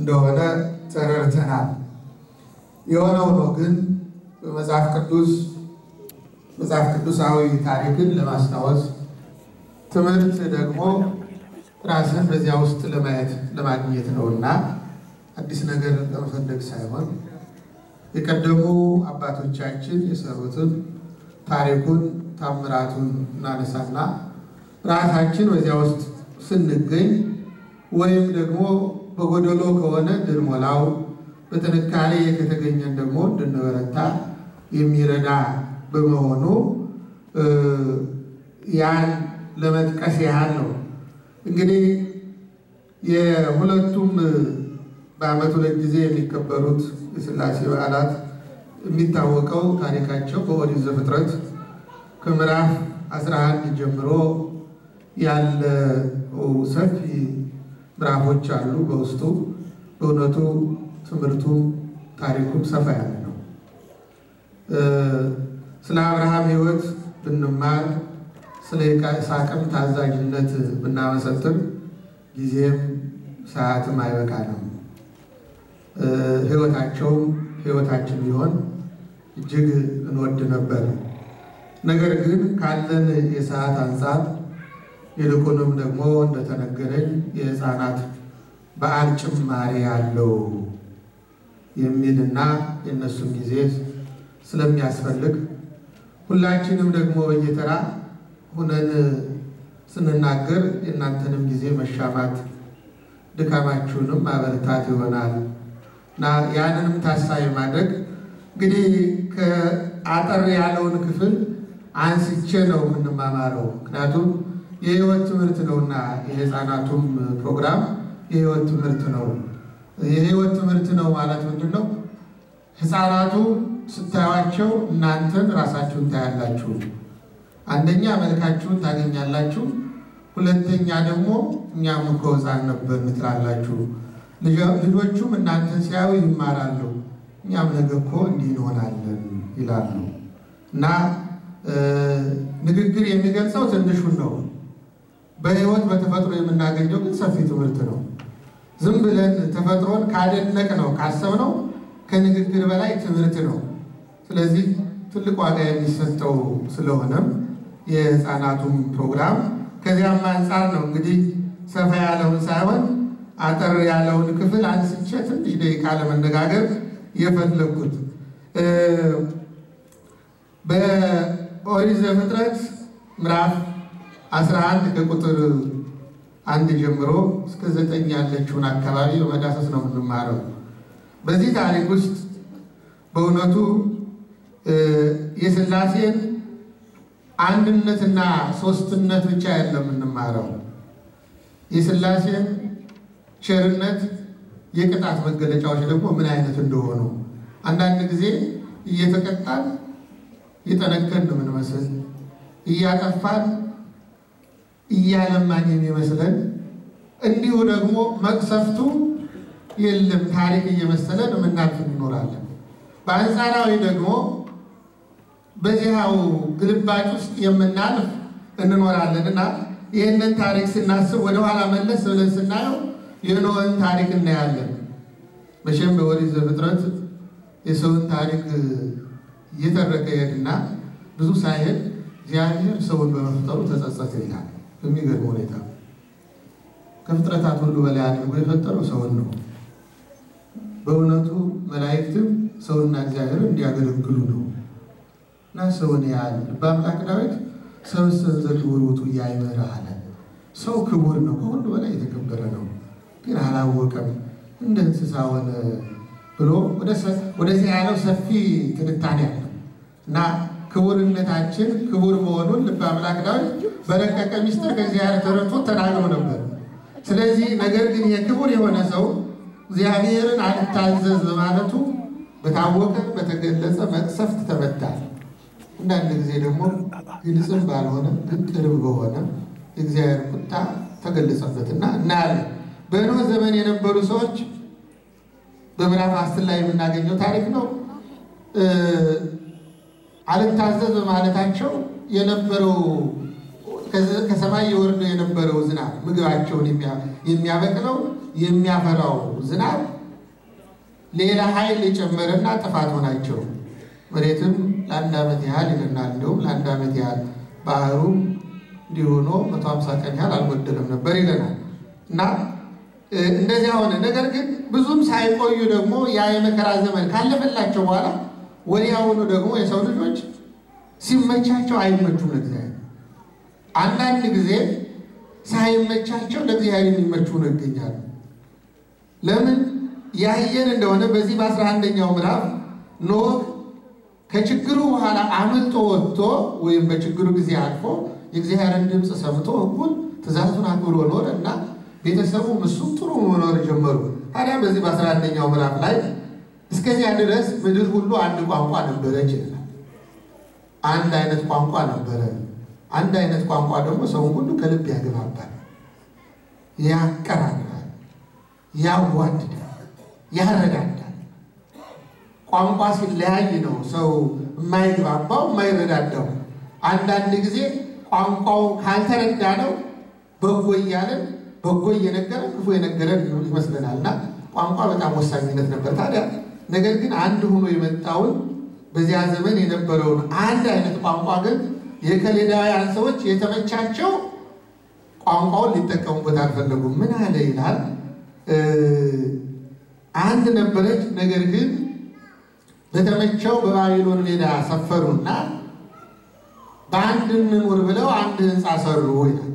እንደሆነ ተረድተናል። የሆነው ነው ግን በመጽሐፍ ቅዱስ መጽሐፍ ቅዱሳዊ ታሪክን ለማስታወስ ትምህርት ደግሞ ራስን በዚያ ውስጥ ለማየት ለማግኘት ነው እና አዲስ ነገር ለመፈለግ ሳይሆን የቀደሙ አባቶቻችን የሰሩትን ታሪኩን ታምራቱን እናነሳና ራሳችን በዚያ ውስጥ ስንገኝ ወይም ደግሞ በጎደሎ ከሆነ እንድንሞላው በጥንካሬ ከተገኘን ደግሞ እንድንበረታ የሚረዳ በመሆኑ ያን ለመጥቀስ ያህል ነው። እንግዲህ የሁለቱም በዓመት ሁለት ጊዜ የሚከበሩት የሥላሴ በዓላት የሚታወቀው ታሪካቸው በኦሪት ዘፍጥረት ከምዕራፍ 11 ጀምሮ ያለው ሰፊ ምዕራፎች አሉ። በውስጡ በእውነቱ ትምህርቱ ታሪኩም ሰፋ ያለ ነው። ስለ አብርሃም ሕይወት ብንማር፣ ስለ ይስሐቅም ታዛዥነት ብናመሰጥር ጊዜም ሰዓትም አይበቃ ህይወታቸው ሕይወታቸውም ሕይወታችን ቢሆን እጅግ እንወድ ነበር። ነገር ግን ካለን የሰዓት አንጻር ይልቁንም ደግሞ እንደተነገረኝ የህፃናት በዓል ጭማሪ አለው የሚልና የእነሱም ጊዜ ስለሚያስፈልግ ሁላችንም ደግሞ በየተራ ሁነን ስንናገር የእናንተንም ጊዜ መሻማት ድካማችሁንም ማበርታት ይሆናል እና ያንንም ታሳቢ ማድረግ እንግዲህ ከአጠር ያለውን ክፍል አንስቼ ነው የምንማማረው ምክንያቱም የህይወት ትምህርት ነውና የህፃናቱም ፕሮግራም የህይወት ትምህርት ነው። የህይወት ትምህርት ነው ማለት ምንድን ነው? ህፃናቱ ስታዩቸው እናንተን ራሳችሁን ታያላችሁ። አንደኛ መልካችሁን ታገኛላችሁ። ሁለተኛ ደግሞ እኛም እኮ ህፃን ነበር ትላላችሁ። ልጆቹም እናንተን ሲያዩ ይማራሉ። እኛም ነገ እኮ እንዲህ እንሆናለን ይላሉ እና ንግግር የሚገልጸው ትንሹን ነው። በህይወት በተፈጥሮ የምናገኘው ግን ሰፊ ትምህርት ነው። ዝም ብለን ተፈጥሮን ካደነቅ ነው ካሰብ ነው ከንግግር በላይ ትምህርት ነው። ስለዚህ ትልቅ ዋጋ የሚሰጠው ስለሆነም የህፃናቱም ፕሮግራም ከዚያም አንጻር ነው እንግዲህ ሰፋ ያለውን ሳይሆን አጠር ያለውን ክፍል አንስቼ ትንሽ ደቂቃ ለመነጋገር የፈለግኩት በኦሪት ዘፍጥረት ምዕራፍ 11 ከቁጥር አንድ ጀምሮ እስከ ዘጠኝ ያለችውን አካባቢ በመዳሰስ ነው የምንማረው። በዚህ ታሪክ ውስጥ በእውነቱ የስላሴን አንድነትና ሶስትነት ብቻ ያለ የምንማረው የስላሴን ቸርነት የቅጣት መገለጫዎች ደግሞ ምን አይነት እንደሆኑ አንዳንድ ጊዜ እየተቀጣን የጠነከን ነው የምንመስል እያጠፋን እያለማኝ የሚመስለን እንዲሁ ደግሞ መቅሰፍቱ የለም ታሪክ እየመሰለን የምናልፍ እንኖራለን። በአንጻራዊ ደግሞ በዚያው ግልባጭ ውስጥ የምናልፍ እንኖራለን እና ይህንን ታሪክ ስናስብ ወደኋላ መለስ ብለን ስናየው የኖህን ታሪክ እናያለን። መቼም በኦሪት ዘፍጥረት የሰውን ታሪክ እየተረከ ይሄድና ብዙ ሳይሄድ እግዚአብሔር ሰውን በመፍጠሩ ተጸጸተ ይላል። በሚገርም ሁኔታ ከፍጥረታት ሁሉ በላይ አድርጎ የፈጠረው ሰውን ነው። በእውነቱ መላእክትም ሰውና እግዚአብሔር እንዲያገለግሉ ነው እና ሰውን ያህል በአምላክ ዳዊት ሰብስብ ዘንድ ውእቱ አለ። ሰው ክቡር ነው፣ ከሁሉ በላይ የተከበረ ነው። ግን አላወቀም፣ እንደ እንስሳ ሆነ ብሎ ወደዚህ ያለው ሰፊ ትንታኔ አለ እና ክቡርነታችን ክቡር መሆኑን ልበ አምላክ ዳዊት በረቀቀ ሚስጥር ከእግዚአብሔር ተረድቶ ተናግሮ ነበር። ስለዚህ ነገር ግን የክቡር የሆነ ሰው እግዚአብሔርን አልታዘዝ በማለቱ በታወቀ በተገለጸ መቅሰፍት ተመታ። አንዳንድ ጊዜ ደግሞ ግልጽም ባልሆነ ግን ቅርብ በሆነ የእግዚአብሔር ቁጣ ተገለጸበትና እናያለን። በኖህ ዘመን የነበሩ ሰዎች በምዕራፍ አስር ላይ የምናገኘው ታሪክ ነው። አልታዘዝ በማለታቸው የነበረው ከሰማይ የወርዶ የነበረው ዝናብ ምግባቸውን የሚያበቅለው የሚያፈራው ዝናብ ሌላ ኃይል የጨመረና ጥፋት ሆናቸው። መሬትም ለአንድ ዓመት ያህል ይልናል። እንደውም ለአንድ ዓመት ያህል ባህሩ እንዲሆኖ መቶ ሀምሳ ቀን ያህል አልጎደለም ነበር ይለናል እና እንደዚያ ሆነ። ነገር ግን ብዙም ሳይቆዩ ደግሞ ያ የመከራ ዘመን ካለፈላቸው በኋላ ወዲያውኑ ደግሞ የሰው ልጆች ሲመቻቸው አይመቹም ለእግዚአብሔር። አንዳንድ ጊዜ ሳይመቻቸው ለእግዚአብሔር የሚመቹ ነው ይገኛሉ። ለምን ያየን እንደሆነ በዚህ በአስራ አንደኛው ምዕራፍ ኖህ ከችግሩ በኋላ አምልጦ ወጥቶ ወይም በችግሩ ጊዜ አልፎ የእግዚአብሔርን ድምፅ ሰምቶ ሕጉን ትእዛዙን አክብሮ ኖረ እና ቤተሰቡ እሱ ጥሩ መኖር ጀመሩ። ታዲያ በዚህ በአስራ አንደኛው ምዕራፍ ላይ እስከዚያ ድረስ ምድር ሁሉ አንድ ቋንቋ ነበረች ይላል። አንድ አይነት ቋንቋ ነበረ። አንድ አይነት ቋንቋ ደግሞ ሰውን ሁሉ ከልብ ያገባባል፣ ያቀራርባል፣ ያዋድዳል፣ ያረዳዳል። ቋንቋ ሲለያይ ነው ሰው የማይግባባው የማይረዳዳው። አንዳንድ ጊዜ ቋንቋው ካልተረዳ ነው በጎ እያለን በጎ እየነገረን ክፉ የነገረን ይመስለናል እና ቋንቋ በጣም ወሳኝነት ነበር ታዲያ ነገር ግን አንድ ሆኖ የመጣውን በዚያ ዘመን የነበረውን አንድ አይነት ቋንቋ ግን የከሌዳውያን ሰዎች የተመቻቸው ቋንቋውን ሊጠቀሙበት አልፈለጉም። ምን አለ ይላል፣ አንድ ነበረች፣ ነገር ግን በተመቸው በባቢሎን ሜዳ ሰፈሩና በአንድ እንኑር ብለው አንድ ህንፃ ሰሩ ይላል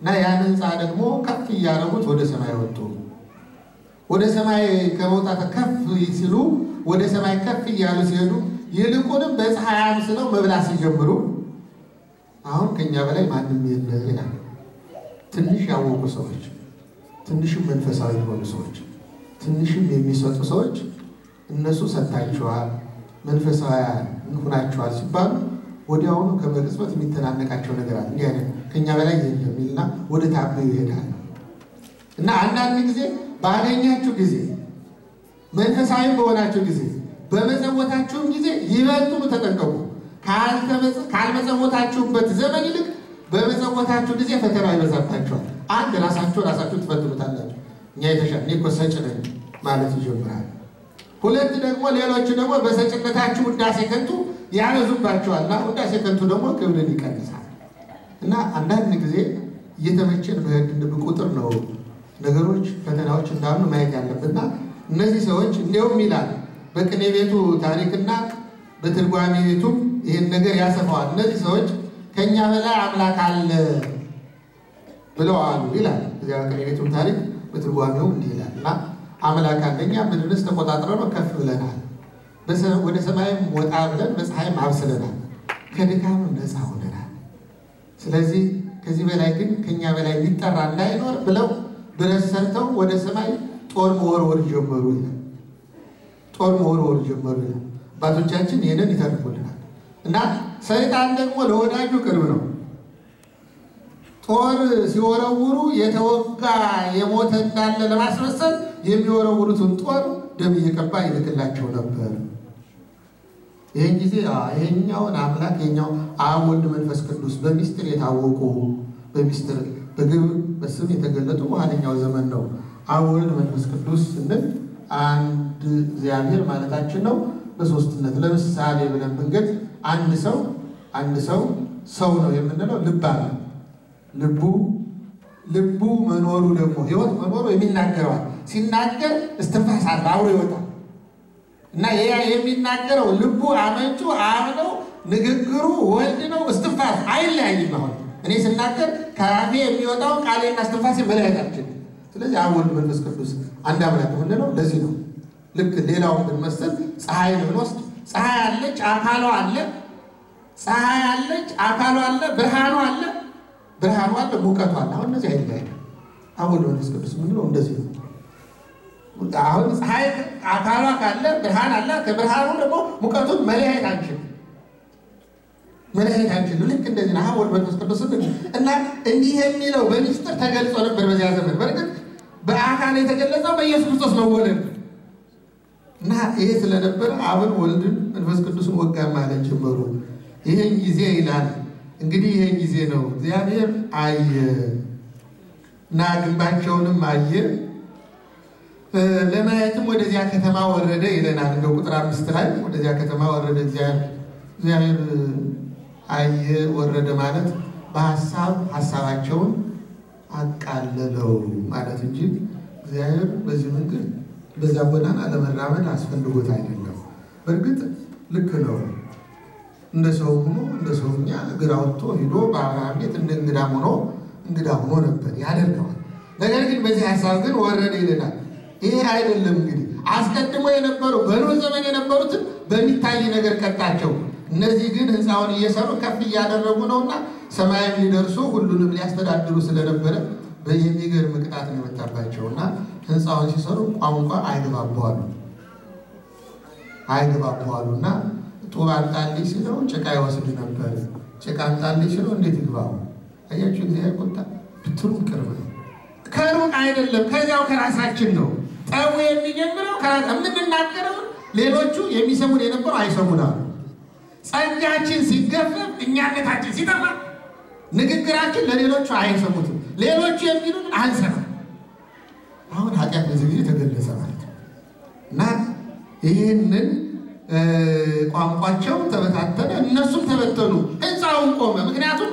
እና ያን ህንፃ ደግሞ ከፍ እያደረጉት ወደ ሰማይ ወጡ። ወደ ሰማይ ከመውጣት ከፍ ሲሉ ወደ ሰማይ ከፍ እያሉ ሲሄዱ ይልቁንም በፀሐይ አምስለው መብላት ሲጀምሩ አሁን ከኛ በላይ ማንም የለ ይላል። ትንሽ ያወቁ ሰዎች፣ ትንሽም መንፈሳዊ የሆኑ ሰዎች፣ ትንሽም የሚሰጡ ሰዎች እነሱ ሰጥታችኋል፣ መንፈሳውያን እንሁናችኋል ሲባሉ ወዲያውኑ ከመቅጽበት የሚተናነቃቸው ነገር አለ። እንዲህ አይነት በላይ የለም ይልና ወደ ታበዩ ይሄዳል እና አንዳንድ ጊዜ ባገኛችሁ ጊዜ መንፈሳዊ በሆናችሁ ጊዜ በመጸወታችሁም ጊዜ ይበልጡኑ ተጠንቀቁ። ካልመጸወታችሁበት ዘመን ይልቅ በመጸወታችሁ ጊዜ ፈተና ይበዛባቸዋል አንድ ራሳችሁ ራሳችሁ ትፈትኑታላችሁ። እኛ የተሻለ እኔ እኮ ሰጭ ነኝ ማለት ይጀምራል። ሁለት ደግሞ ሌሎች ደግሞ በሰጭነታችሁ ውዳሴ ከንቱ እና ውዳሴ ከንቱ ደግሞ ክብርን ይቀንሳል እና አንዳንድ ጊዜ እየተመቸን በህግ ቁጥር ነው ነገሮች፣ ፈተናዎች እንዳሉ ማየት ያለብና እነዚህ ሰዎች እንዲሁም ይላል በቅኔ ቤቱ ታሪክና በትርጓሜ ቤቱም ይህን ነገር ያሰፋዋል። እነዚህ ሰዎች ከእኛ በላይ አምላክ አለ ብለው አሉ ይላል። እዚያ በቅኔ ቤቱም ታሪክ በትርጓሜው እንዲህ ይላል እና አምላክ አለ እኛ ተቆጣጥረ ነው ከፍ ብለናል፣ ወደ ሰማይም ወጣ ብለን በፀሐይም አብስለናል፣ ከድካም ነፃ ሆነናል። ስለዚህ ከዚህ በላይ ግን ከእኛ በላይ ሊጠራ እንዳይኖር ብለው ብረት ሰርተው ወደ ሰማይ ጦር መወርወር ጀመሩ ይላል። ጦር መወርወር ጀመሩ ይላል። አባቶቻችን ይህንን ይተርፉልናል። እና ሰይጣን ደግሞ ለወዳጁ ቅርብ ነው። ጦር ሲወረውሩ የተወጋ የሞተ እንዳለ ለማስመሰል የሚወረውሩትን ጦር ደም እየቀባ ይልክላቸው ነበር። ይህን ጊዜ ይሄኛውን አምላክ ይሄኛው አብ፣ ወልድ፣ መንፈስ ቅዱስ በሚስጥር የታወቁ በሚስጥር በግብ በስም የተገለጡ በኋለኛው ዘመን ነው። አብ ወልድ መንፈስ ቅዱስ ስንል አንድ እግዚአብሔር ማለታችን ነው በሶስትነት ለምሳሌ ብለን ብንገድ አንድ ሰው አንድ ሰው ሰው ነው የምንለው ልብ አለ ልቡ ልቡ መኖሩ ደግሞ ህይወት መኖሩ የሚናገረዋል ሲናገር እስትንፋስ አለ አብሮ ይወጣል እና ያ የሚናገረው ልቡ አመንጩ አብ ነው ንግግሩ ወልድ ነው እስትንፋስ አይለያይም አሁን እኔ ስናገር ከአፌ የሚወጣው ቃሌና እስትንፋሴ መለያየታችን። ስለዚህ አብ ወልድ መንፈስ ቅዱስ አንድ አምላክ የምንለው ለዚህ ነው። ልክ ሌላውን ብንመስል ፀሐይ ብንወስድ ፀሐይ አለች፣ አካሏ አለ። ፀሐይ አለች፣ አካሏ አለ፣ ብርሃኑ አለ፣ ብርሃኑ አለ፣ ሙቀቱ አለ። አሁን እነዚህ አይለያይ። አብ ወልድ መንፈስ ቅዱስ የምንለው እንደዚህ ነው። አሁን ፀሐይ አካሏ ካለ ብርሃን አላት፣ ከብርሃኑ ደግሞ ሙቀቱን መለያየት አንችልም። መለየት አይችልም። ልክ እንደዚህ ነው። አብ ወልድ መንፈስ ቅዱስ እና እንዲህ የሚለው በሚስጥር ተገልጾ ነበር በዚያ ዘመን። በእርግጥ በአካል የተገለጸው በኢየሱስ ክርስቶስ መወለድ እና ይሄ ስለነበረ አብን ወልድን መንፈስ ቅዱስን ወጋ ማለት ጀመሩ። ይሄን ጊዜ ይላል እንግዲህ ይሄን ጊዜ ነው እግዚአብሔር አየ እና ግንባቸውንም አየ ለማየትም ወደዚያ ከተማ ወረደ ይለናል። እንደ ቁጥር አምስት ላይ ወደዚያ ከተማ ወረደ እግዚአብሔር አየ ወረደ ማለት በሀሳብ ሀሳባቸውን አቃለለው ማለት እንጂ እግዚአብሔር በዚህ መንገድ በዛ ጎዳና ለመራመድ አስፈልጎት አይደለም። በእርግጥ ልክ ነው። እንደ ሰው ሆኖ እንደ ሰውኛ እግር አውጥቶ ሂዶ በአብርሃም ቤት እንደ እንግዳ ሆኖ እንግዳ ሆኖ ነበር ያደርገዋል። ነገር ግን በዚህ ሀሳብ ግን ወረደ ይለናል። ይሄ አይደለም እንግዲህ አስቀድሞ የነበሩ በኖህ ዘመን የነበሩትን በሚታይ ነገር ቀጣቸው። እነዚህ ግን ህንፃውን እየሰሩ ከፍ እያደረጉ ነውና ሰማያዊ ሊደርሱ ሁሉንም ሊያስተዳድሩ ስለነበረ የሚገርም ቅጣት ነው የመጣባቸውና ህንፃውን ሲሰሩ ቋንቋ አይግባባዋሉ አይግባባዋሉና ጡብ አምጣልኝ ሲለው ጭቃ ይወስድ ነበር። ጭቃ አምጣልኝ ሲለው እንዴት ይግባቡ? አያችሁ እግዚአብሔር ቁጣ ብትሉ ቅርብ ነው፣ ከሩቅ አይደለም፣ ከዚያው ከራሳችን ነው ጠቡ የሚጀምረው። የምንናገረውን ሌሎቹ የሚሰሙን የነበሩ አይሰሙናሉ ጸጋችን ሲገፈፍ እኛነታችን ሲጠፋ ንግግራችን ለሌሎቹ አይሰሙትም። ሌሎቹ የሚሉን አንሰማም። አሁን ኃጢአት በዚህ ጊዜ ተገለጸ ማለት ነው እና ይህንን ቋንቋቸው ተበታተነ፣ እነሱም ተበተኑ፣ ህንፃውን ቆመ። ምክንያቱም